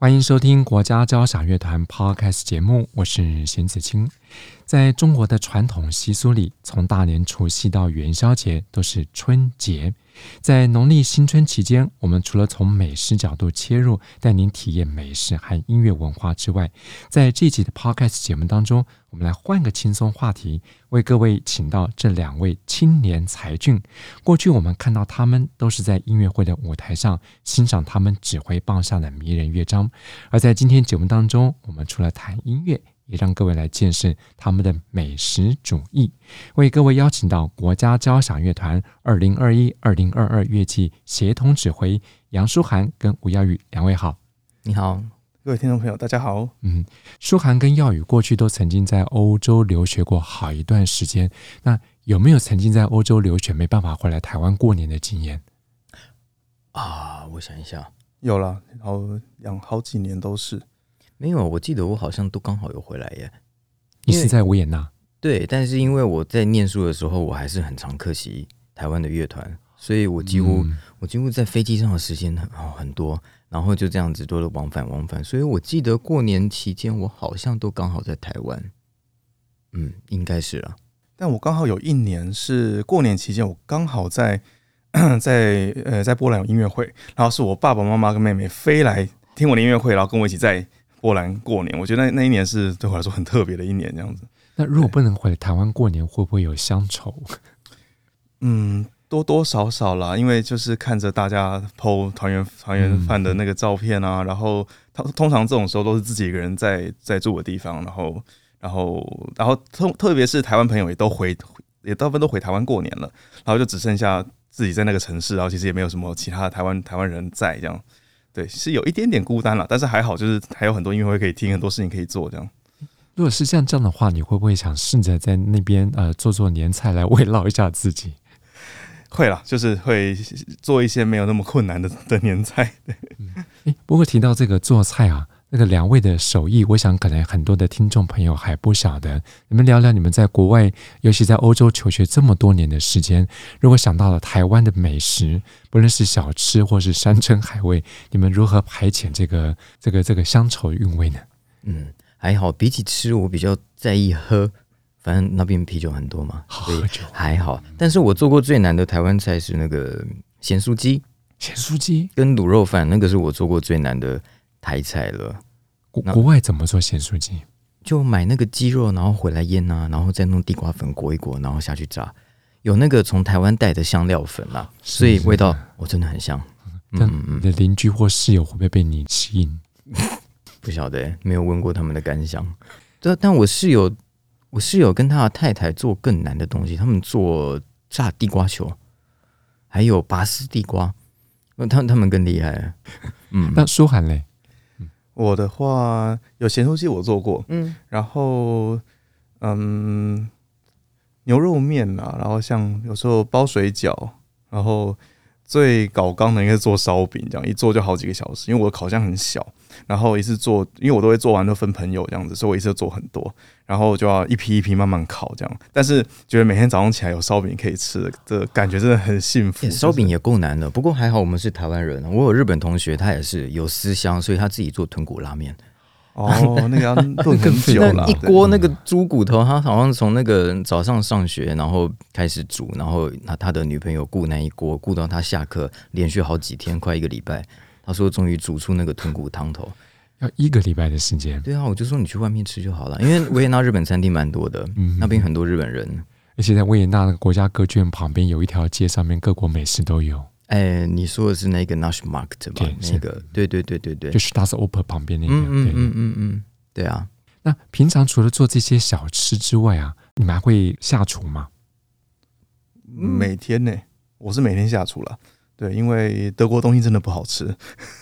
歡迎收聽國家交響樂團 Podcast 節目，我是邢子青。在中國的傳統習俗裡，從大年除夕到元宵節都是春節。在農曆新春期間，我們除了從美食角度切入，帶您體驗美食和音樂文化之外，在這集的 Podcast 節目當中，我們來換個輕鬆話題，為各位請到這兩位青年才俊。過去我們看到他們都是在音樂會的舞台上欣賞他們指揮棒上的迷人樂章，而在今天節目當中，我們除了談音樂，也讓各位來見識他們的美食主義，為各位邀請到國家交響樂團二零二一、二零二二樂季協同指揮楊書涵跟吳曜宇。兩位好，你好，各位聽眾朋友，大家好。嗯，書涵跟曜宇過去都曾經在歐洲留學過好一段時間，那有沒有曾經在歐洲留學沒辦法回來台灣過年的經驗？啊，我想一想，有了，然後養好幾年都是。沒有，我記得我好像都剛好有回來耶。你是在維也納？對，但是因為我在念書的時候，我還是很常客席台灣的樂團，所以我幾乎、嗯、我幾乎在飛機上的時間很很多，然後就這樣子多了往返往返。所以我記得過年期間，我好像都剛好在台灣。嗯，應該是啊。但我剛好有一年是過年期間，我剛好在在，在呃在波蘭有音樂會，然後是我爸爸媽媽跟妹妹飛來聽我的音樂會，然後跟我一起在。波蘭過年，我覺得那那一年是對我來說很特別的一年，這樣子。那如果不能回台灣過年，會不會有鄉愁？嗯，多多少少啦，因為就是看着大家 PO 團圓團圓飯的那個照片啊，嗯、然後他通常這種時候都是自己一個人在在住的地方，然後然後然後特特別是台灣朋友也都回也大部分都回台灣過年了，然後就只剩下自己在那個城市，啊，然後其實也沒有什麼其他的台灣台灣人在這樣。對，是有一點點孤單了，但是還好，就是還有很多音樂會可以聽，很多事情可以做，這樣。如果是像這，這樣的話，你會不會想試着在那邊呃做做年菜來慰勞一下自己？會了，就是會做一些沒有那麼困難的的年菜，嗯。哎，不過提到這個做菜啊。那個兩位的手藝，我想可能很多的聽眾朋友還不曉得。你們聊聊你們在國外，尤其在歐洲求學這麼多年的時間，如果想到了台灣的美食，不論是小吃或是山珍海味，你們如何排遣這個這個這個鄉愁韻味呢？嗯，還好，比起吃，我比較在意喝，反正那邊啤酒很多嘛，好喝酒還好、嗯。但是我做過最難的台灣菜是那個鹹酥雞、鹹酥雞跟滷肉飯，那個是我做過最難的。太菜了，國、國外怎麼做鹹酥雞？就買那個雞肉，然後回來醃啊，然後再弄地瓜粉裹一裹，然後下去炸。有那個從台灣帶的香料粉啊，是是所以味道我、啊哦、真的很香。但你的鄰居或室友會不會被你吸引？嗯嗯嗯 不曉得，沒有問過他們的感想。但但我室友，我室友跟他的太太做更難的東西，他們做炸地瓜球，還有拔絲地瓜，他他們更厲害。 嗯，那書涵嘞？我的話有鹹酥雞我做過，嗯，然後嗯牛肉面嘛、啊，然後像有時候包水餃，然後最搞剛的應該是做燒餅這樣，一做就好幾個小時，因為我的烤箱很小，然後一次做，因為我都會做完都分朋友這樣子，所以我一次做很多。然後就要一批一批慢慢烤這樣，但是覺得每天早上起來有燒餅可以吃的，這感覺真的很幸福。燒餅也夠難的，不過還好我們是台灣人。我有日本同學，他也是有思鄉，所以他自己做豚骨拉麵。哦，那個要做更久了， 那個、一鍋那個豬骨頭，他好像從那個早上上學然後開始煮，然後他他的女朋友顧那一鍋，顧到他下課，連續好幾天，快一個禮拜，他說終於煮出那個豚骨湯頭。要一個禮拜的時間。對啊，我就說你去外面吃就好了，因為維也納日本餐廳蠻多的， 那邊很多日本人，嗯、而且在維也納那個國家歌劇院旁邊有一條街，上面各國美食都有。哎、欸，你說的是那個 Naschmarkt 吧？對那個，對對對對對，就是 Staatsoper 旁邊那個。嗯，嗯嗯嗯嗯嗯，對啊。那平常除了做這些小吃之外啊，你們還會下廚嗎、嗯？每天呢、欸，我是每天下廚了。對，因為德國東西真的不好吃。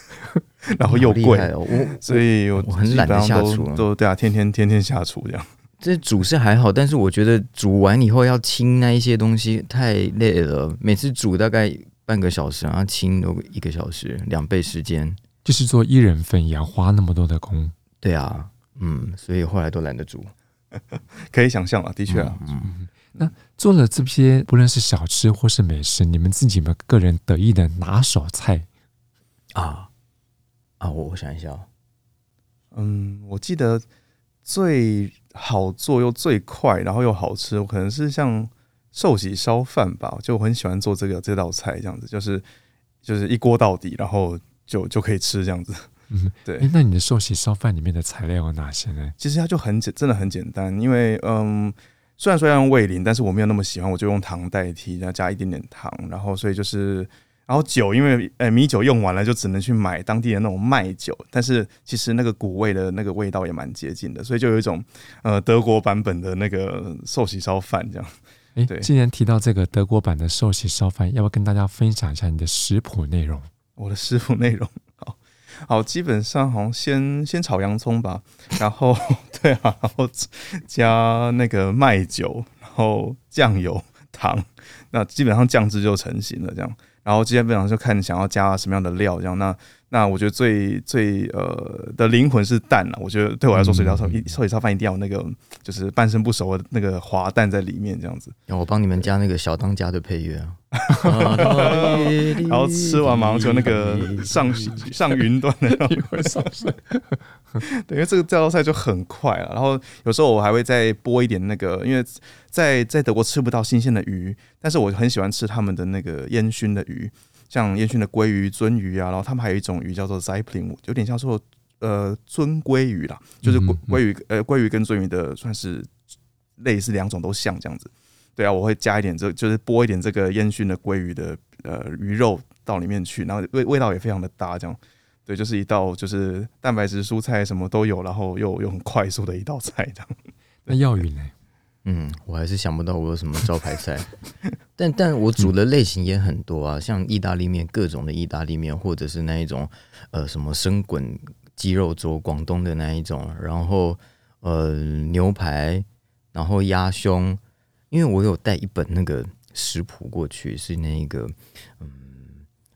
然後又貴、哦，我所以我，我，我很懶得下廚，都對啊，天天天天下廚這樣。這煮是還好，但是我覺得煮完以後要清那一些東西太累了，每次煮大概半個小時，然後清都一個小時，兩倍時間。就是做一人份也要花那麼多的工，對啊，嗯，所以後來都懶得煮。 可以想象了，的確啊、嗯，嗯。那做了這些，不論是小吃或是美食，你們自己們個人得意的拿手菜啊？啊，我想一下、哦，嗯，我記得最好做又最快，然後又好吃，我可能是像壽喜燒飯吧，就我很喜歡做這個這道菜，這樣子，就是就是一鍋到底，然後就就可以吃這樣子。嗯，對、欸。那你的壽喜燒飯裡面的材料有哪些呢？其實它就很簡，真的很簡單，因為嗯，雖然說要用味醂，但是我沒有那麼喜歡，我就用糖代替，然後加一點點糖，然後所以就是。然後酒，因為呃米酒用完了，就只能去買當地的那種麥酒。但是其實那個谷味的那個味道也蠻接近的，所以就有一種呃德國版本的那個壽喜燒飯這樣。誒，對，既然提到這個德國版的壽喜燒飯，要不要跟大家分享一下你的食譜內容？我的食譜內容，好，好，基本上好像先先炒洋蔥吧，然後 對啊，然後加那個麥酒，然後醬油、糖，那基本上醬汁就成型了這樣。然後之前晚上就看你想要加什麼樣的料，這樣那。那我覺得最最呃的靈魂是蛋了。我覺得對我來說水燒、嗯嗯，水餃菜一水餃飯一定要有那個就是半生不熟的那個滑蛋在裡面，這樣子。我幫你們加那個小當家的配樂啊， 然後吃完馬上就那個上 上雲端的，那的 會上身， 等於這個這道菜就很快了。然後有時候我還會再播一點那個，因為在在德國吃不到新鮮的魚，但是我很喜歡吃他們的那個煙燻的魚。像煙燻的鮭魚、鱒魚啊，然後他們還有一種魚叫做 z i p p l i n，有點像說呃鱒鮭魚啦，就是鮭魚呃鮭魚跟鱒魚的算是類似兩種都像這樣子。對啊，我會加一點這，就是剝一點這個煙燻的鮭魚的呃魚肉到裡面去，然後味味道也非常的搭，這樣對，就是一道就是蛋白質、蔬菜什麼都有，然後又又很快速的一道菜這樣。那藥魚呢？對對對嗯，我還是想不到我有什麼招牌菜， 但但我煮的類型也很多啊，像意大利麵，各種的意大利麵，或者是那一種，呃，什麼生滾雞肉粥，廣東的那一種，然後呃牛排，然後鴨胸，因為我有帶一本那個食譜過去，是那個，嗯，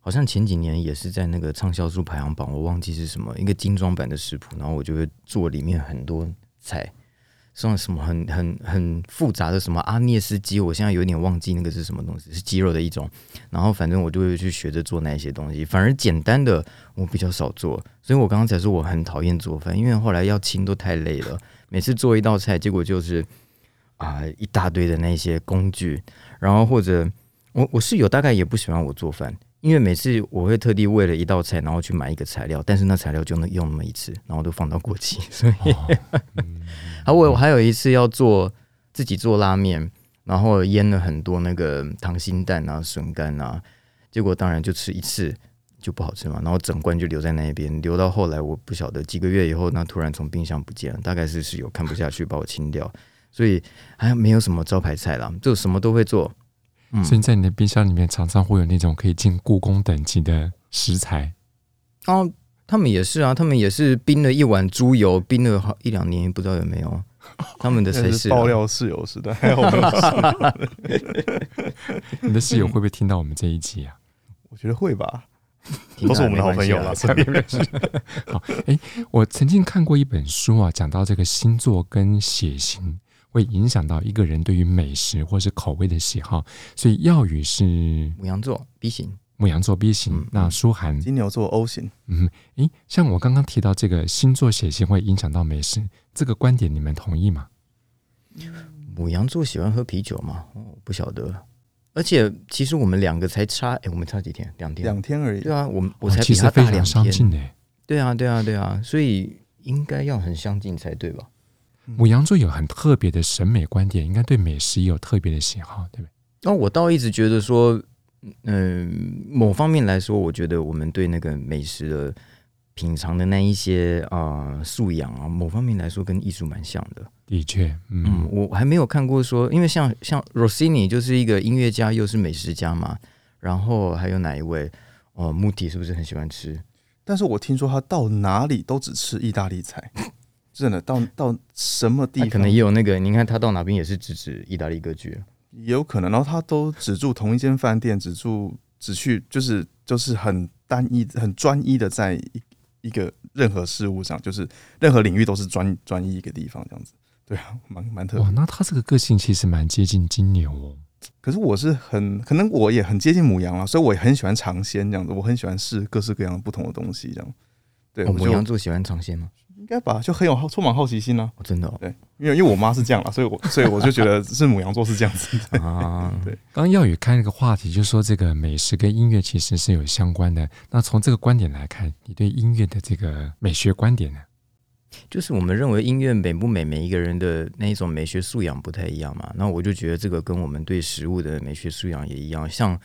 好像前幾年也是在那個暢銷書排行榜，我忘記是什麼，一個精裝版的食譜，然後我就會做裡面很多菜。像什麼很很很複雜的什麼阿涅斯基，我現在有點忘記那個是什麼東西，是肌肉的一種。然後反正我就會去學着做那些東西，反而簡單的我比較少做。所以我剛剛才說我很討厭做飯，因為後來要清都太累了。每次做一道菜，結果就是啊、呃、一大堆的那些工具，然後或者我我室友大概也不喜歡我做飯。因為每次我會特地為了一道菜，然後去買一個材料，但是那材料就能用那麼一次，然後都放到過期。所以，哦嗯、 好，我我還有一次要做自己做拉麵，然後醃了很多那個糖心蛋啊、筍乾啊，結果當然就吃一次就不好吃嘛，然後整罐就留在那一邊，留到後來我不曉得幾個月以後，那突然從冰箱不見了，大概是室友看不下去把我清掉， 所以還沒有什麼招牌菜啦，就什麼都會做。嗯、所以在你的冰箱裡面，常常會有那種可以進故宮等級的食材。啊。他們也是啊，他們也是冰了一碗豬油，冰了好一兩年，不知道有沒有。他們的才，啊、是爆料室友似的，事 你的室友會不會聽到我們這一集啊？我覺得會吧，啊、都是我們的好朋友了，下面認識。 好，欸，我曾經看過一本書啊，講到這個星座跟血型。會影響到一個人對於美食或是口味的喜好，所以曜宇是牡羊、羊座 B 型，牡羊座 B 型。那書涵金牛座 O 型。嗯，誒，像我剛剛提到這個星座血型會影響到美食，這個觀點你們同意嗎？牡羊座喜歡喝啤酒嗎？哦、不曉得。而且其實我們兩個才差，誒，我們差幾天？兩天？兩天而已。對啊，我我才比他大兩天呢、哦。對啊，對啊，對啊，所以應該要很相近才對吧？我牡羊座有很特別的審美觀點，應該對美食也有特別的喜好，對不對？那、哦、我倒一直覺得說，嗯、呃，某方面來說，我覺得我們對那個美食的品嘗的那一些啊、呃、素養啊，某方面來說跟藝術蠻像的。的確、嗯，嗯，我還沒有看過說，因為像像 Rossini 就是一個音樂家，又是美食家嘛，然後還有哪一位？呃，Muti 是不是很喜歡吃？但是我聽說他到哪裡都只吃意大利菜。 真的到到什麼地，啊？可能也有那個。你看他到哪邊也是只是意大利歌劇，也有可能。然後他都只住同一間飯店，只住只去，就是就是很單一、很專一的，在一一個任何事物上，就是任何領域都是專專一一個地方這樣子。對啊，蠻蠻特別。哇，那他這個個性其實蠻接近金牛哦。可是我是很可能我也很接近牡羊啊，所以我也很喜歡嘗鮮這樣子，我很喜歡試各式各樣的不同的東西這樣。對，哦、牡羊座喜歡嘗鮮嗎？應該吧，就很有充滿好奇心呢、啊。我、哦、真的、哦、對，因為因為我媽是這樣了， 所以我所以我就覺得是牡羊座是這樣子的。對，剛剛曜宇開了個話題，就說這個美食跟音樂其實是有相關的。那從這個觀點來看，你對音樂的這個美學觀點呢？就是我們認為音樂美不美，每一個人的那一種美學素養不太一樣嘛。那我就覺得這個跟我們對食物的美學素養也一樣，像。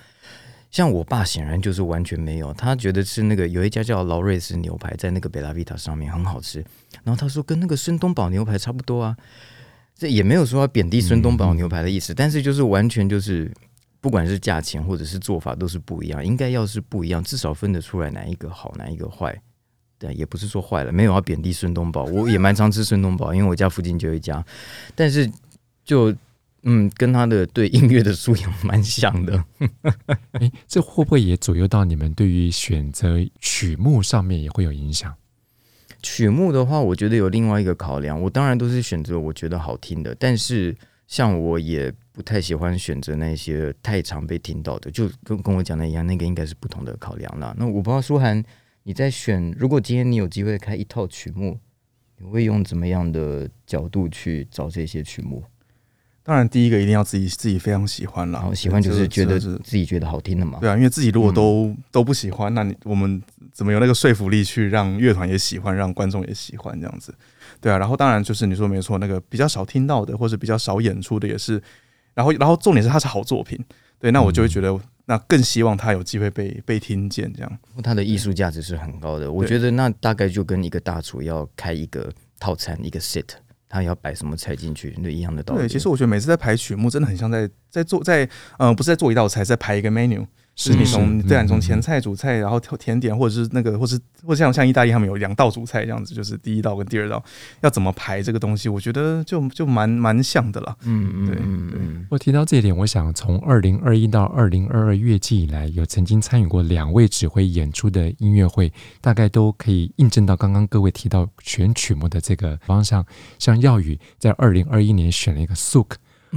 像我爸顯然就是完全沒有，他覺得吃那個有，一家叫勞瑞斯牛排在那個貝拉維塔上面很好吃，然後他說跟那個孫東寶牛排差不多啊，這也沒有說要貶低孫東寶牛排的意思。嗯嗯，但是就是完全就是不管是價錢或者是做法都是不一樣，應該要是不一樣，至少分得出來哪一個好，哪一個壞，對，也不是說壞了，沒有要貶低孫東寶，我也蠻常吃孫東寶，因為我家附近就有一家，但是就。嗯，跟他的對音樂的素養蠻像的 誒。這會不會也左右到你們對於選擇曲目上面也會有影響？曲目的話，我覺得有另外一個考量。我當然都是選擇我覺得好聽的，但是像我也不太喜歡選擇那些太常被聽到的。就跟跟我講的一樣，那個應該是不同的考量啦。那我不知道書涵你在選，如果今天你有機會開一套曲目，你會用怎麼樣的角度去找這些曲目？當然，第一個一定要自己自己非常喜歡了。然後喜歡就是覺得自己覺得好聽的嘛。對啊，因為自己如果都、嗯、都不喜歡，那你我們怎麼有那個說服力去讓樂團也喜歡，讓觀眾也喜歡這樣子？對啊。然後當然就是你說沒錯，那個比較少聽到的或者比較少演出的也是。然後然後重點是它是好作品。對，那我就會覺得、嗯、那更希望他有機會被被聽見，這樣。他的藝術價值是很高的，我覺得那大概就跟一個大廚要開一個套餐一個 set。他要擺什麼菜進去，那一樣的道理。對，其實我覺得每次在排曲目，真的很像在在做在嗯、呃，不是在做一道菜，在排一個 menu。就是你種、嗯，對啊，從前菜、主菜，然後甜點，或者是那個，或是或像像意大利，他們有兩道主菜這樣子，就是第一道跟第二道要怎麼排這個東西，我覺得就就蠻蠻像的了。嗯嗯嗯，我提到這一點，我想從二零二一到二零二二樂季以來，有曾經參與過兩位指揮演出的音樂會，大概都可以印證到剛剛各位提到選曲目的這個方向。像曜宇在二零二一年選了一個 Suk。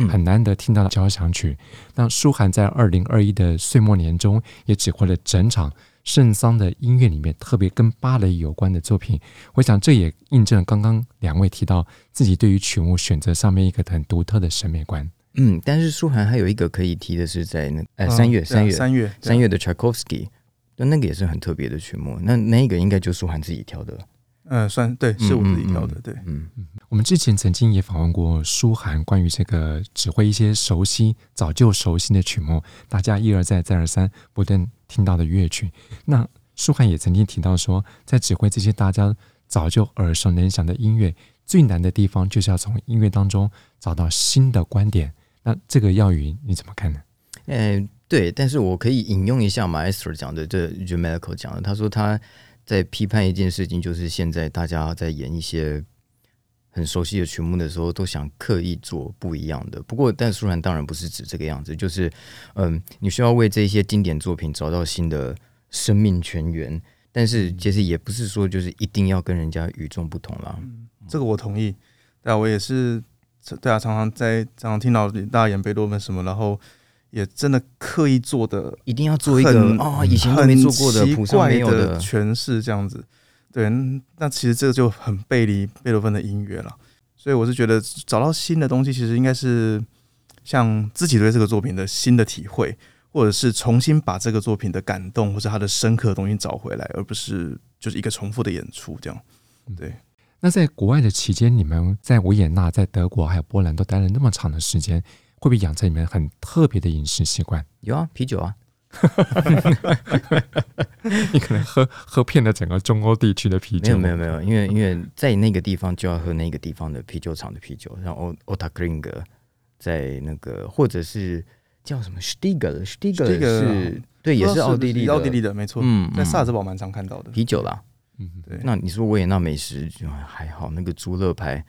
很難得聽到的交響曲。那、嗯、書涵在二零二一的歲末年中，也指揮了整場聖桑的音樂裡面特別跟芭蕾有關的作品。我想這也印證剛剛兩位提到自己對於曲目選擇上面一個很獨特的審美觀。嗯，但是書涵還有一個可以提的是，在那呃、啊、三月、啊啊、三月三月三月的 Tchaikovsky 那、啊、那個也是很特別的曲目。那那一個應該就書涵自己挑的。嗯，算對，是我自己挑的，對，嗯，嗯，嗯，嗯，嗯，對嗯，嗯，我們之前曾經也訪問過書涵，關於這個指揮一些熟悉、早就熟悉的曲目，大家一而再、再而三不斷聽到的樂曲。那書涵也曾經提到說，在指揮這些大家早就耳熟能詳的音樂，最難的地方就是要從音樂當中找到新的觀點。那這個曜宇你怎麼看呢？嗯、呃，對，但是我可以引用一下 Maestro 講的，這 j u m a 講的，他說他，在批判一件事情，就是現在大家在演一些很熟悉的曲目的時候，都想刻意做不一樣的。不過，但書涵當然不是指這個樣子，就是，嗯，你需要為這些經典作品找到新的生命泉源，但是其實也不是說就是一定要跟人家與眾不同啦、嗯。這個我同意。但、啊、我也是，大家、啊、常常在常常聽到大家演貝多芬什麼，然後。也真的刻意做的，一定要做一個啊、哦，以前沒做過的、奇怪的詮釋，這樣子。對那，那其實這就很背離貝多芬的音樂了。所以我是覺得，找到新的東西，其實應該是像自己對這個作品的新的體會，或者是重新把這個作品的感動或者它的深刻的東西找回來，而不是就是一個重複的演出這樣。對。嗯、那在國外的期間，你們在維也納、在德國還有波蘭都待了那麼長的時間。會不會養成你們很特別的飲食習慣？有啊，啤酒啊， 你可能喝喝遍了整個中歐地區的啤酒。沒有沒有沒有，因為因為在那個地方就要喝那個地方的啤酒廠的啤酒，像 Ottakringer 在那個，或者是叫什麼 Stiegl，Stiegl 是啊，是對，也是奧地利奧地利的，沒錯，在薩爾茨堡蠻常看到的啤酒啦。嗯，對。那你說維也納美食還好，那個豬肋排。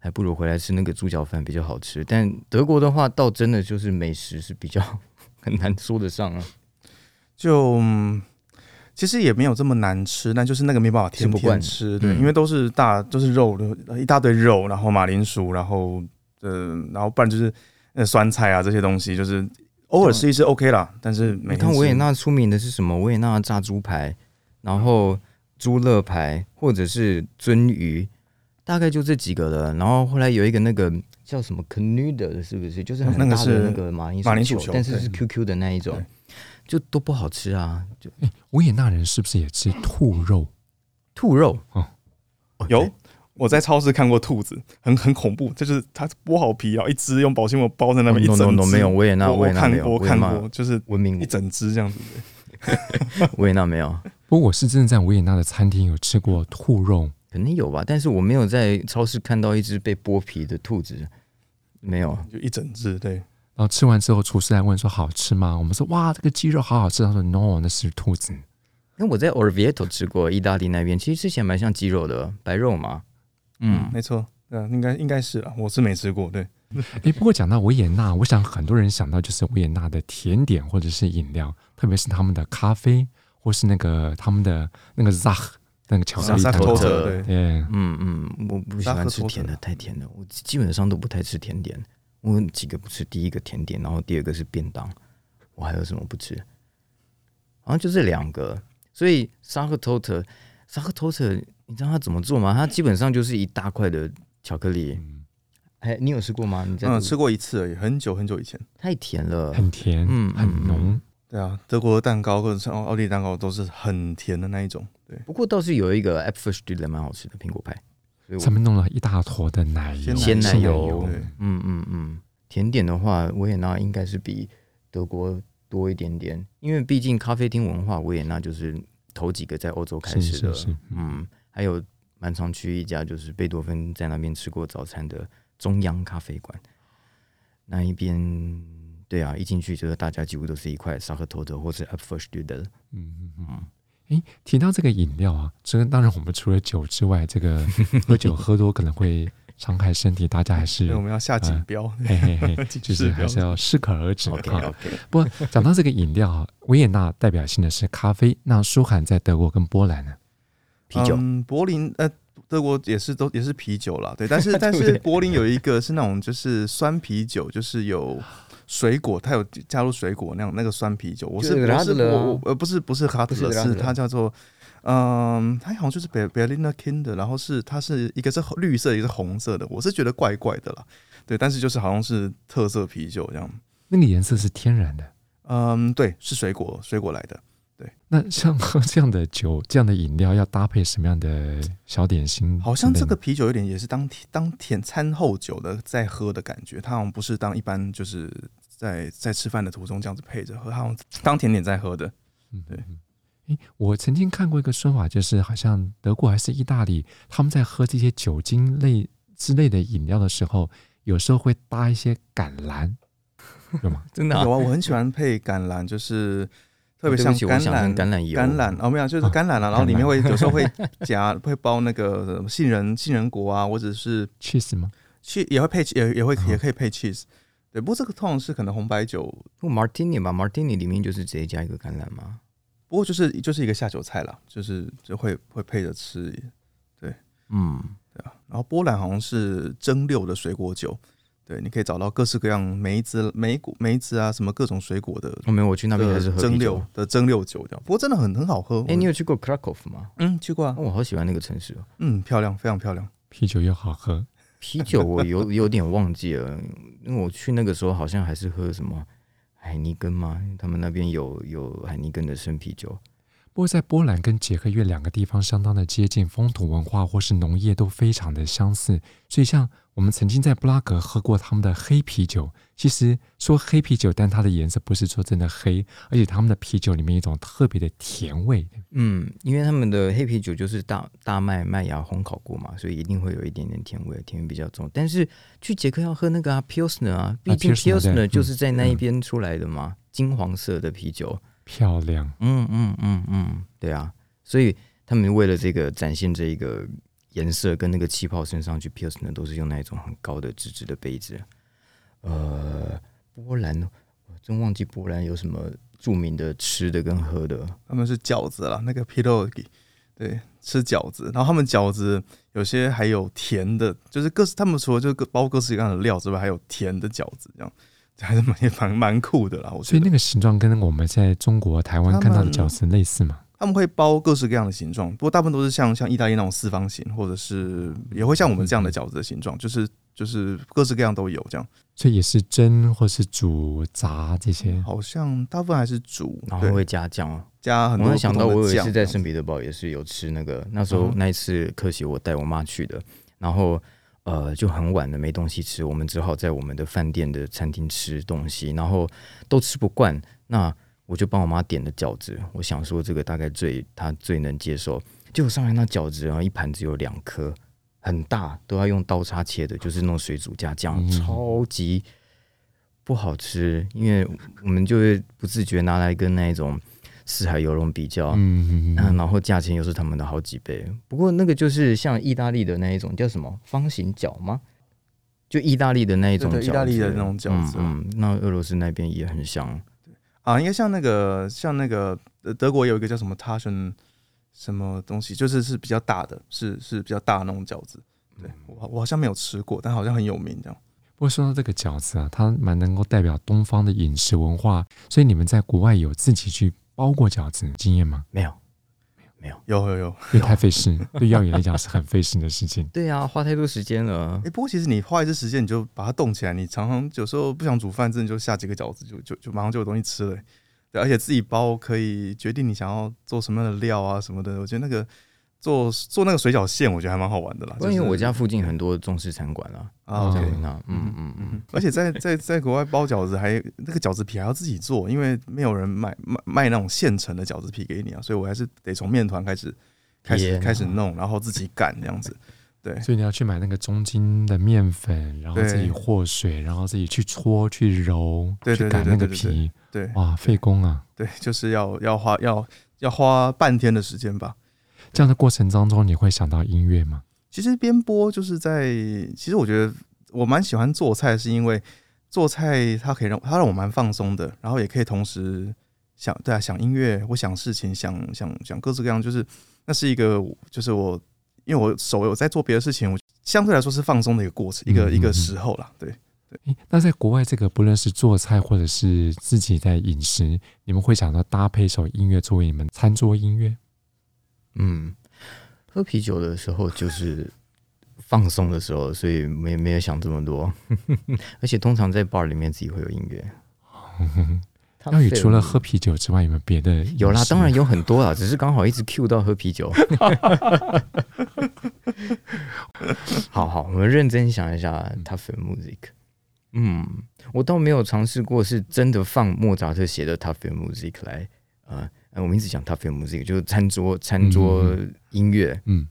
還不如回來吃那個豬腳飯比較好吃。但德國的話，倒真的就是美食是比較很難說得上啊。就、嗯、其實也沒有這麼難吃，但就是那個沒辦法天天吃，天對、嗯，因為都是大都、就是肉，都一大堆肉，然後馬鈴薯，然後呃，然後不然就是呃酸菜啊這些東西，就是偶爾吃一吃 OK 啦。嗯、但是你看維也納出名的是什麼？維也納炸豬排，然後豬肋排，或者是鱒魚。大概就這幾個了，然後後來有一個那個叫什麼 Canudo 的，是不是？就是很大的那個馬鈴薯，那個，但是是 QQ 的那一種，就都不好吃啊！就維、欸、也納人是不是也吃兔肉？兔肉哦。Okay、有，我在超市看過兔子，很很恐怖，就是它剝好皮啊，一隻用保鮮膜包在那邊一整，oh, no, no, no, no, 沒有維也納，我看過看過，就是一整隻這樣子。維 也納沒有，不過我是真的在維也納的餐廳有吃過兔肉。肯定有吧，但是我沒有在超市看到一只被剝皮的兔子，沒有，就一整只。對，然後吃完之後，廚師來問說好吃嗎？我們說哇，這個雞肉好好吃。他說 no，那是兔子。那、嗯、我在 Orvieto 吃過意大利那邊，其實之前蠻像雞肉的白肉嘛。嗯，沒錯，嗯，應該應該是啊。我是沒吃過。對，誒，不過講到維也納，我想很多人想到就是維也納的甜點或者是飲料，特別是他們的咖啡，或是那個他們的那個 Zach, 那個巧克力蛋糕，嗯嗯，我不喜歡吃甜的，太甜了。我基本上都不太吃甜點。我有幾個不吃，第一個甜點，然後第二個是便當。我還有什麼不吃？好、啊、像就這兩個。所以薩克托特，薩克托特，你知道它怎麼做嗎？它基本上就是一大塊的巧克力。哎、嗯，你有吃過嗎？你嗯，吃過一次，而已。很久很久以前。太甜了，很甜，嗯，很濃。對啊，德國的蛋糕或者是奧地利蛋糕都是很甜的那一種。不過倒是有一個 Apfelstrudel 蠻好吃的蘋果派，上面弄了一大坨的奶油，鮮奶油。嗯嗯嗯。甜點的話，維也納應該是比德國多一點點，因為畢竟咖啡廳文化，維也納就是頭幾個在歐洲開始的。嗯，還有蠻常去一家就是貝多芬在那邊吃過早餐的中央咖啡館，那一邊，對啊，一進去就是大家幾乎都是一塊 Sachertorte 或者 Apfelstrudel 嗯嗯嗯。哎，提到這個飲料啊，這當然我們除了酒之外，這個喝酒喝多可能會傷害身體， 大家還是、 嗯、我們要下警標、嗯 嘿嘿嘿，就是還是要適可而止啊。 okay, okay 不過講到這個飲料啊，維也納代表性的是咖啡，那書涵在德國跟波蘭呢？啤、嗯、酒，柏林呃，德國也是都也是啤酒啦。對，但是 對不對 但是柏林有一個是那種就是酸啤酒，就是有。水果，它有加入水果那樣那個酸啤酒，我是不是我呃不是不是哈特是，是它叫做嗯，它好像就是 B Berliner Kind，然後是它是一個是綠色，一個是紅色的，我是覺得怪怪的啦，對，但是就是好像是特色啤酒這樣，那個顏色是天然的，嗯，對，是水果水果來的，對。那像喝這樣的酒，這樣的飲料要搭配什麼樣的小點心？好像這個啤酒有點也是當當甜餐後酒的在喝的感覺，它好像不是當一般就是。在在吃飯的途中，這樣子配着喝，好像當甜點在喝的。嗯，對、嗯。誒、欸，我曾經看過一個說法，就是好像德國還是意大利，他們在喝這些酒精類之類的飲料的時候，有時候會搭一些橄欖，有嗎？真的有啊、嗯，我很喜歡配橄欖，就是特別像橄欖橄欖油橄欖哦沒有、啊，就是橄欖啊、啊，然後裡面會有時候會夾 會包那個杏仁杏仁果啊，或者是 cheese 嗎？cheese 也會配，也也會、啊、也可以配 cheese。對，不過這個通常是可能紅白酒或 Martini 嘛 Martini 裡面就是直接加一個橄欖嘛，不過就是就是一個下酒菜啦，就是就會會配着吃。對，嗯，對吧、啊？然後波蘭好像是蒸餾的水果酒，對，你可以找到各式各樣梅子、梅子、啊、梅子啊，什麼各種水果的。我、哦、沒有，我去那邊還是喝蒸餾的蒸餾酒的，不過真的很很好喝。哎、欸，你有去過 Krakow 嗎？嗯，去過啊，哦、我好喜歡那個城市哦。嗯，漂亮，非常漂亮，啤酒又好喝。啤酒，我有有點忘記了， 因為我去那個時候好像還是喝什麼海尼根嗎？他們那邊有有海尼根的生啤酒。不過在波蘭跟捷克越兩個地方相當的接近，風土文化或是農業都非常的相似，所以像我們曾經在布拉格喝過他們的黑啤酒。其實說黑啤酒，但它的顏色不是說真的黑，而且他們的啤酒裡面有一種特別的甜味。嗯，因為他們的黑啤酒就是大大麥麥芽烘烤過嘛，所以一定會有一點點甜味，甜味比較重。但是去捷克要喝那個啊，Pilsner 啊，畢竟 Pilsner，啊，Pilsner 就是在那一邊出來的嘛，嗯嗯，金黃色的啤酒。漂亮，嗯嗯嗯嗯，對啊，所以他們為了這個展現這個顏色跟那個氣泡升上去 pilsner 呢，都是用那種很高的紙質的杯子。呃，波蘭，我真忘記波蘭有什麼著名的吃的跟喝的。他們是餃子啊，那個 pierogi，對，吃餃子。然後他們餃子有些還有甜的，就是各式，他們除了就包括各式各樣的料之外，還有甜的餃子這樣。還是蠻蠻蠻酷的啦，我覺得。所以那個形狀跟我們在中國台灣看到的餃子類似嗎？他們會包各式各樣的形狀，不過大部分都是像像意大利那種四方形，或者是也會像我們這樣的餃子的形狀，就是就是各式各樣都有這樣。這、嗯、也是蒸或是煮炸這些？好像大部分還是煮，然後會加醬、啊、加很多。我想到我有一次在聖彼得堡也是有吃那個，那時候那一次客席我帶我媽去的，嗯、然後。呃，就很晚了，沒東西吃，我們只好在我們的飯店的餐廳吃東西，然後都吃不慣。那我就幫我媽點的餃子，我想說這個大概最她最能接受。結果上來那餃子，然後一盤只有兩顆，很大，都要用刀叉切的，就是那種水煮加醬、嗯，超級不好吃，因為我們就會不自覺拿來跟那一種。四海遊龍比較，嗯嗯嗯、啊，然後價錢又是他們的好幾倍。不過那個就是像意大利的那一種叫什麼方形餃嗎？就意大利的那一種，意大，大利的那種餃子嗯嗯嗯嗯。嗯，那俄羅斯那邊也很香。對啊，應該像那個像那個德國有一個叫什麼塔什什麼東西，就是是比較大的，是是比較大的那種餃子。對我我好像沒有吃過，但好像很有名這樣。不過說到這個餃子啊，它蠻能夠代表東方的飲食文化，所以你們在國外有自己去。包過餃子，有經驗嗎？沒有，沒有，沒有，有有有，有，因為太費事，有有有對料理來講是很費事的事情 對啊，花太多時間了。誒、欸，不過其實你花一些時間，你就把它凍起來，你常常有時候不想煮飯，真的就下幾個餃子，就就就馬上就有東西吃了對。而且自己包可以決定你想要做什麼樣的料啊什麼的，我覺得那個。做做那個水餃餡，我覺得還蠻好玩的啦、就是。因為我家附近很多中式餐館啊啊對、oh, okay. 嗯嗯嗯，嗯。而且在在在國外包餃子還 那個餃子皮還要自己做，因為沒有人賣賣賣那種現成的餃子皮給你啊，所以我還是得從麵團開始開始開始弄，然後自己擀這樣子。對，所以你要去買那個中筋的麵粉，然後自己和水，然後自己去搓去揉對對對對對，去擀那個皮。對，對，對，對，對，對，對，對，哇，費工啊！對，就是要要花要要花半天的時間吧。這樣的過程當中，你會想到音樂嗎？其實邊播就是在，其實我覺得我蠻喜歡做菜，是因為做菜它可以讓它讓我蠻放鬆的，然後也可以同時想對啊，想音樂，我想事情，想想想各式各樣，就是那是一個就是我因為我手有在做別的事情，我相對來說是放鬆的一個過程，一、嗯、個一個時候啦。對對、欸。那在國外，這個不論是做菜或者是自己在飲食，你們會想到搭配一首音樂作為你們餐桌音樂？嗯，喝啤酒的時候就是放鬆的時候，所以沒沒有想這麼多。 而且通常在 bar 裡面自己會有音樂。那 你除了喝啤酒之外，有沒有別的？有啦，當然有很多啦，只是剛好一直 cue 到喝啤酒。 好好，我們認真想一下，Tafelmusik。嗯，我倒沒有嘗試過，是真的放莫扎特寫的 Tafelmusik 來啊。呃哎，我們一直講他 o u g h 這個，就是餐桌餐桌音樂、嗯嗯，嗯，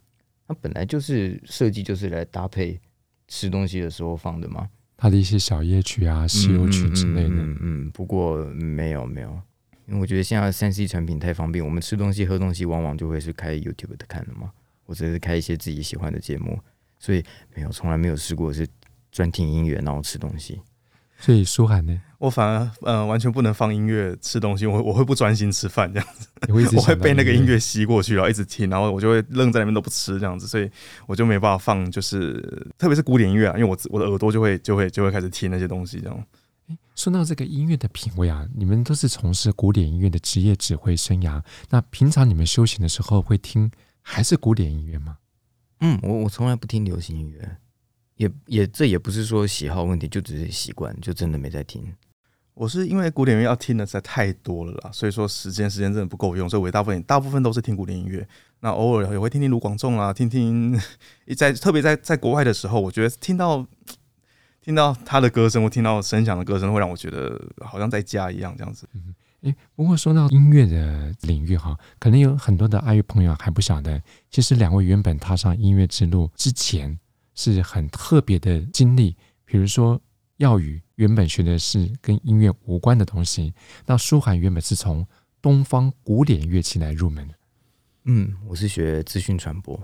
它本來就是設計就是來搭配吃東西的時候放的嘛。它的一些小夜曲啊、西遊曲之類的，嗯，嗯，嗯，不過沒有沒有，因為我覺得現在三 C 產品太方便，我們吃東西喝東西往往就會是開 YouTube 的看的嘛，或者是開一些自己喜歡的節目，所以沒有從來沒有試過是專聽音樂然後吃東西。所以書涵呢，我反而呃完全不能放音樂吃東西，我我會不專心吃飯這樣子會一直，我會被那個音樂吸過去然後一直聽，然後我就會愣在那邊都不吃這樣子，所以我就沒辦法放，就是特別是古典音樂啊，因為我我的耳朵就會就會就會開始聽那些東西這樣。說到這個音樂的品味啊，你們都是從事古典音樂的職業指揮生涯，那平常你們休息的時候會聽還是古典音樂嗎？嗯，我我從來不聽流行音樂。也也，這也不是說喜好問題，就只是習慣，就真的沒在聽。我是因為古典樂要聽的實在太多了啦，所以說時間時間真的不夠用，所以我大部分大部分都是聽古典音樂，那偶爾也會聽聽盧廣仲啦、啊，聽聽在特別在在國外的時候，我覺得聽到聽到他的歌聲，我聽到聲響的歌聲，會讓我覺得好像在家一樣這樣子。嗯，哎，不過說到音樂的領域哈，可能有很多的愛樂朋友還不曉得，其實兩位原本踏上音樂之路之前。是很特別的經歷，比如說，曜宇原本學的是跟音樂無關的東西，那書涵原本是從東方古典樂器來入門。嗯，我是學資訊傳播，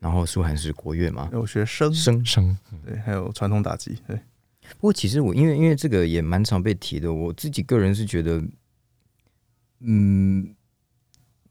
然後書涵是國樂嗎？有、嗯、學生生生對，還有傳統打擊。對，不過其實我因為因為這個也蠻常被提的，我自己個人是覺得，嗯，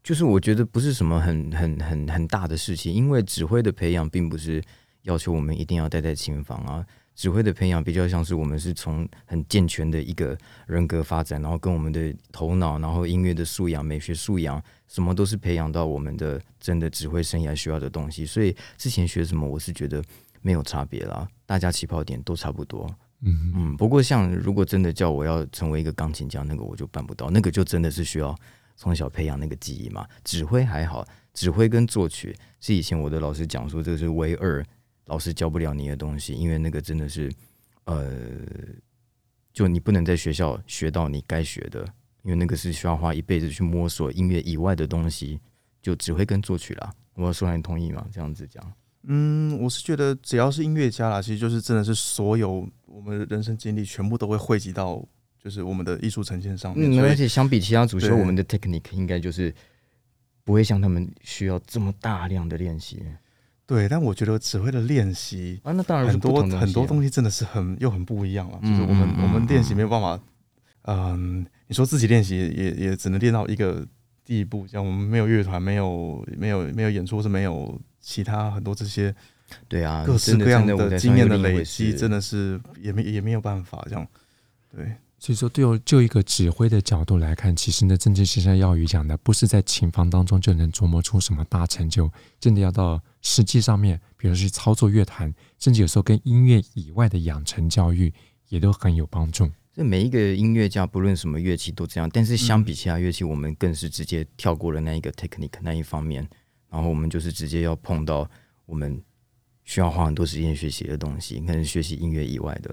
就是我覺得不是什麼很很很很大的事情，因為指揮的培養並不是，要求我們一定要待在琴房啊！指揮的培養比較像是我們是從很健全的一個人格發展，然後跟我們的頭腦，然後音樂的素養、美學素養，什麼都是培養到我們的真的指揮生涯需要的東西。所以之前學什麼，我是覺得沒有差別啦，大家起跑點都差不多。嗯嗯。不過像如果真的叫我要成為一個鋼琴家，那個我就辦不到，那個就真的是需要從小培養那個記憶嘛。指揮還好，指揮跟作曲是以前我的老師講說，這個是唯二，老師教不了你的東西，因為那個真的是，呃，就你不能在學校學到你該學的，因為那個是需要花一輩子去摸索音樂以外的東西，就只會跟作曲啦。我要說，你同意嗎？這樣子講？嗯，我是覺得只要是音樂家啦，其實就是真的是所有我們的人生經歷全部都會匯集到就是我們的藝術呈現上面。而且相比其他主修，我們的 technique 應該就是不會像他們需要這麼大量的練習。對，但我覺得指揮的練習啊，那當然很多、啊、很多東西真的是很又很不一樣了。嗯、就是我們、嗯、我們練習沒有辦法，嗯，嗯嗯你說自己練習也也只能練到一個地步，像我們沒有樂團，沒有沒有沒有演出，是沒有其他很多這些，對啊，各式各樣的經驗的累積，真的是也沒也沒有辦法這樣。對，所以說，對哦，就一個指揮的角度來看，其實呢，真正像曜宇講的，不是在琴房當中就能琢磨出什麼大成就，真的要到。實際上面，比如說去操作樂團，甚至有時候跟音樂以外的養成教育也都很有幫助。這每一個音樂家，不論什麼樂器都這樣。但是相比其他、嗯、樂器，我們更是直接跳過了那一個 technique 那一方面，然後我們就是直接要碰到我們需要花很多時間學習的東西，可能是學習音樂以外的。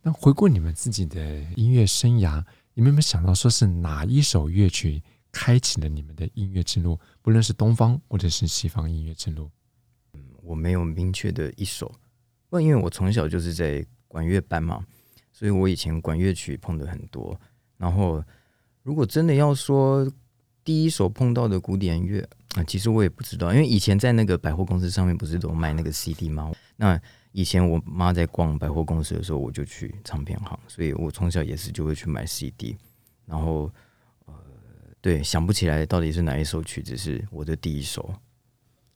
那回顧你們自己的音樂生涯，你們有沒有想到說是哪一首樂曲開啟了你們的音樂之路？不論是東方或者是西方音樂之路。我沒有明確的一首，不然因為我從小就是在管樂班嘛，所以我以前管樂曲碰的很多。然後，如果真的要說第一首碰到的古典樂，啊、呃，其實我也不知道，因為以前在那個百貨公司上面不是都賣那個 CD 嗎？那以前我媽在逛百貨公司的時候，我就去唱片行，所以我從小也是就會去買 CD。然後，呃，對，想不起來到底是哪一首曲子是我的第一首，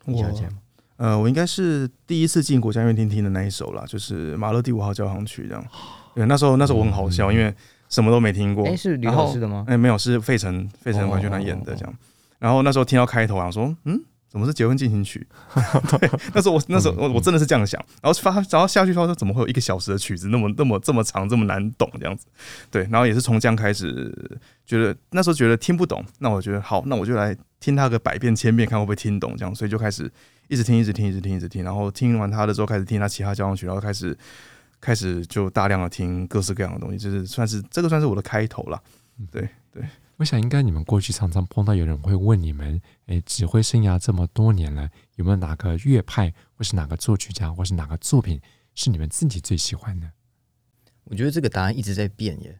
你想一下。呃，我應該是第一次進國家音樂廳聽的那一首啦，就是馬勒第五號交響曲這樣。對，那時候那時候我很好笑，嗯，因為什麼都沒聽過。哎，欸，是呂老師的嗎？哎，欸，沒有，是費城費城管弦樂團演的這樣哦哦哦哦哦。然後那時候聽到開頭，想說嗯，怎麼是結婚進行曲？ 對，那時候我那時候我我真的是這樣想， 然後發然後下去他說，怎麼會有一個小時的曲子那麼那麼這麼長這麼難懂這樣子，對，然後也是從這樣開始覺得，那時候覺得聽不懂，那我覺得好，那我就來聽他個百遍千遍看會不會聽懂這樣，所以就開始一直聽一直聽一直聽一直聽，然後聽完他的之後開始聽他其他交響曲，然後開始開始就大量的聽各式各樣的東西，就是算是這個算是我的開頭了，對對。我想，應該你們過去常常碰到有人會問你們：誒，指揮生涯這麼多年了，有沒有哪個樂派，或是哪個作曲家，或是哪個作品是你們自己最喜歡的？我覺得這個答案一直在變耶，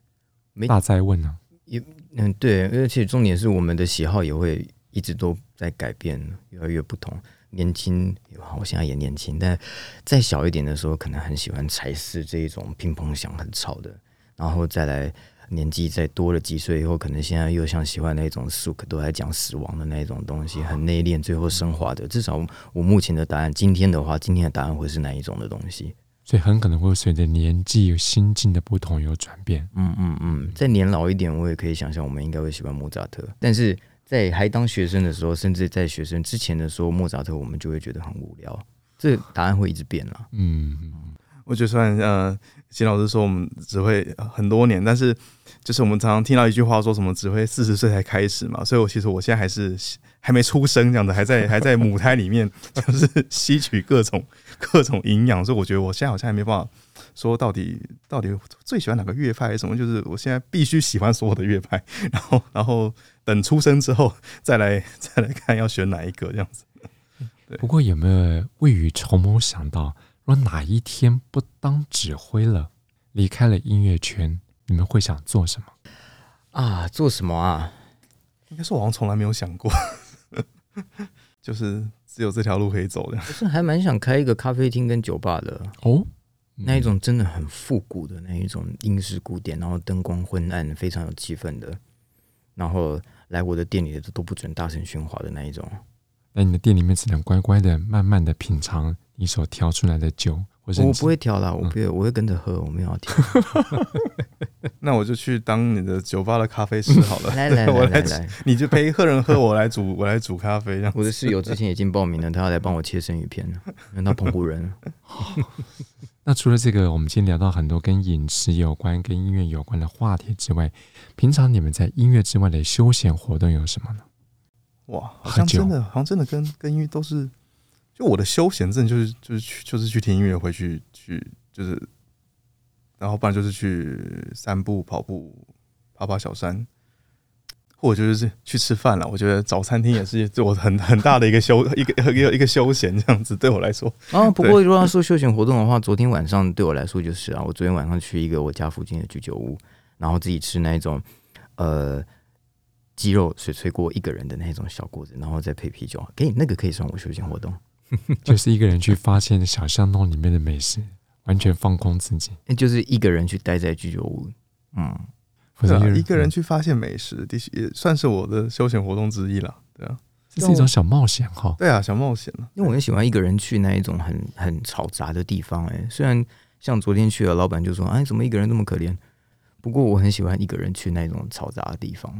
沒大在問呢、啊。也嗯，對，而且重點是我們的喜好也會一直都在改變，越來越不同。年輕，我現在也年輕，但再小一點的時候，可能很喜歡柴氏這一種乒乓響很吵的，然後再來。年紀再多了幾歲以後，可能現在又像喜歡那種蘇克，都在講死亡的那一種東西，很內斂，最後升華的。至少我目前的答案，今天的話，今天的答案會是哪一種的東西？所以很可能會隨着年紀、有心境的不同有轉變。嗯嗯嗯，再、嗯、年老一點，我也可以想象，我們應該會喜歡莫扎特。但是在還當學生的時候，甚至在學生之前的時候，莫扎特，我們就會覺得很無聊。這個、答案會一直變了。嗯。我就算呃、秦老師說我們指揮很多年，但是就是我們常常聽到一句話，說什麼指揮四十歲才開始嘛。所以，我其實我現在還是還沒出生，這樣子，還在還在母胎裡面， 就是吸取各種各種營養。所以，我覺得我現在好像也沒辦法說到底到底我最喜歡哪個樂派還是什麼，就是我現在必須喜歡所有的樂派，然後然後等出生之後再來再來看要選哪一個這樣子。不過有沒有未雨綢繆想到？我哪一天不當指揮了，離開了音樂圈，你們會想做什麼？啊，做什麼啊？應該是我好像從來沒有想過， 就是只有這條路可以走的。我是還蠻想開一個咖啡廳跟酒吧的哦，那一種真的很復古的那一種英式古典，然後燈光昏暗，非常有氣氛的。然後來我的店裡的都不准大聲喧嘩的那一種，那你的店裡面只能乖乖的慢慢的品嘗。你所調出來的酒，我不會調啦，我不會，嗯，我會跟着喝，我沒有要調。 那我就去當你的酒吧的咖啡師好了。嗯、來，來，來，來來，我來來，你就陪客人喝，我來煮， 我來煮咖啡。我的室友之前已經報名了，他要來幫我切生魚片了，難道澎湖人？ 那除了這個，我們今天聊到很多跟飲食有關、跟音樂有關的話題之外，平常你們在音樂之外的休閒活動有什麼呢？哇，好像真的，好像真的跟跟音樂都是。就我的休閒，症，就是就是去就是去聽音樂，回去去，就是，然後不然就是去散步、跑步、爬爬小山，或者就是去吃飯了。我覺得早餐廳也是對我很很大的一個休 一個一個一個休閒這樣子對我來說。啊、哦，不過如果要說休閒活動的話， 昨天晚上對我來說就是啊，我昨天晚上去一個我家附近的居酒屋，然後自己吃那一種呃雞肉水炊鍋一個人的那種小鍋子，然後再配啤酒，給、okay, 那個可以算我休閒活動。 就是一個人去發現小巷弄裡面的美食，完全放空自己。那、欸、就是一個人去待在居酒屋，嗯，一個人一個人去發現美食，的確也算是我的休閒活動之一了。對啊，這是一種小冒險哈、哦。對啊，小冒險啊，因為我很喜歡一個人去那一種很很嘈雜的地方、欸。哎，雖然像昨天去了老闆就說：“哎、啊，怎麼一個人那麼可憐？”不過我很喜歡一個人去那種嘈雜的地方，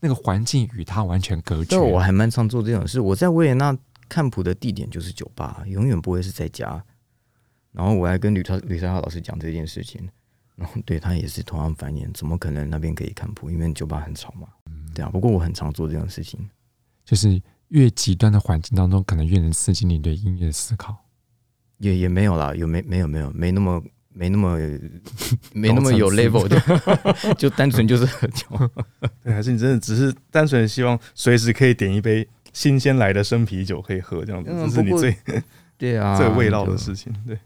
那個環境與他完全隔絕。我還蠻常做這種事，我在維也納。看譜的地點就是酒吧，永遠不會是在家。然後我還跟呂超、呂賽浩老師講這件事情，然後對他也是同樣反應：怎麼可能那邊可以看譜？因為酒吧很吵嘛。對啊，不過我很常做這種事情、嗯，就是越極端的環境當中，可能越能刺激你對音樂的思考。也也沒有啦，有沒沒有沒有，沒那麼沒那麼沒那麼有 level 的， 上次 就單純就是很， 對，還是你真的只是單純的希望隨時可以點一杯。新鮮來的生啤酒可以喝，這樣子，這是你最、嗯、不不對啊，最味道的事情。對，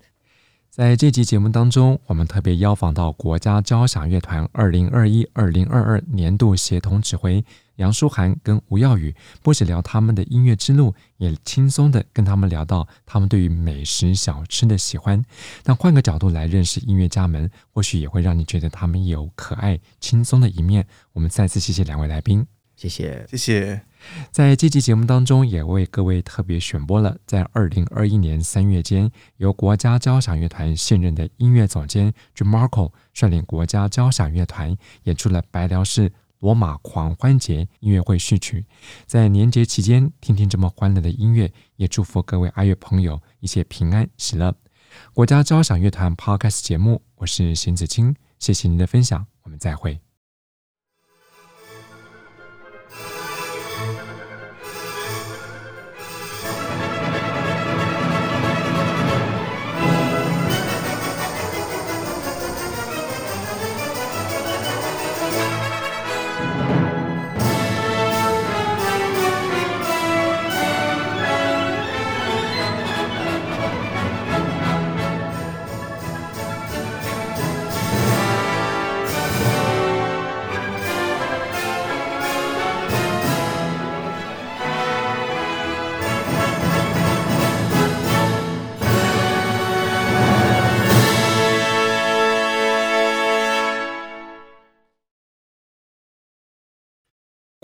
在這集節目當中，我們特別邀訪到國家交響樂團二零二一、二零二二年度協同指揮楊書涵跟吳曜宇，不僅聊他們的音樂之路，也輕鬆的跟他們聊到他們對於美食小吃的喜歡。但換個角度來認識音樂家們，或許也會讓你覺得他們有可愛、輕鬆的一面。我們再次謝謝兩位來賓。謝謝，謝謝。在這期節目當中，也為各位特別選播了在二零二一年三月間由國家交響樂團現任的音樂總監 Jun Märkl 率領國家交響樂團演出了白遼士《羅馬狂歡節》音樂會序曲。在年節期間，聽聽這麼歡樂的音樂，也祝福各位愛樂朋友一切平安喜樂。國家交響樂團 Podcast 節目，我是邢子清，謝謝您的分享，我們再會。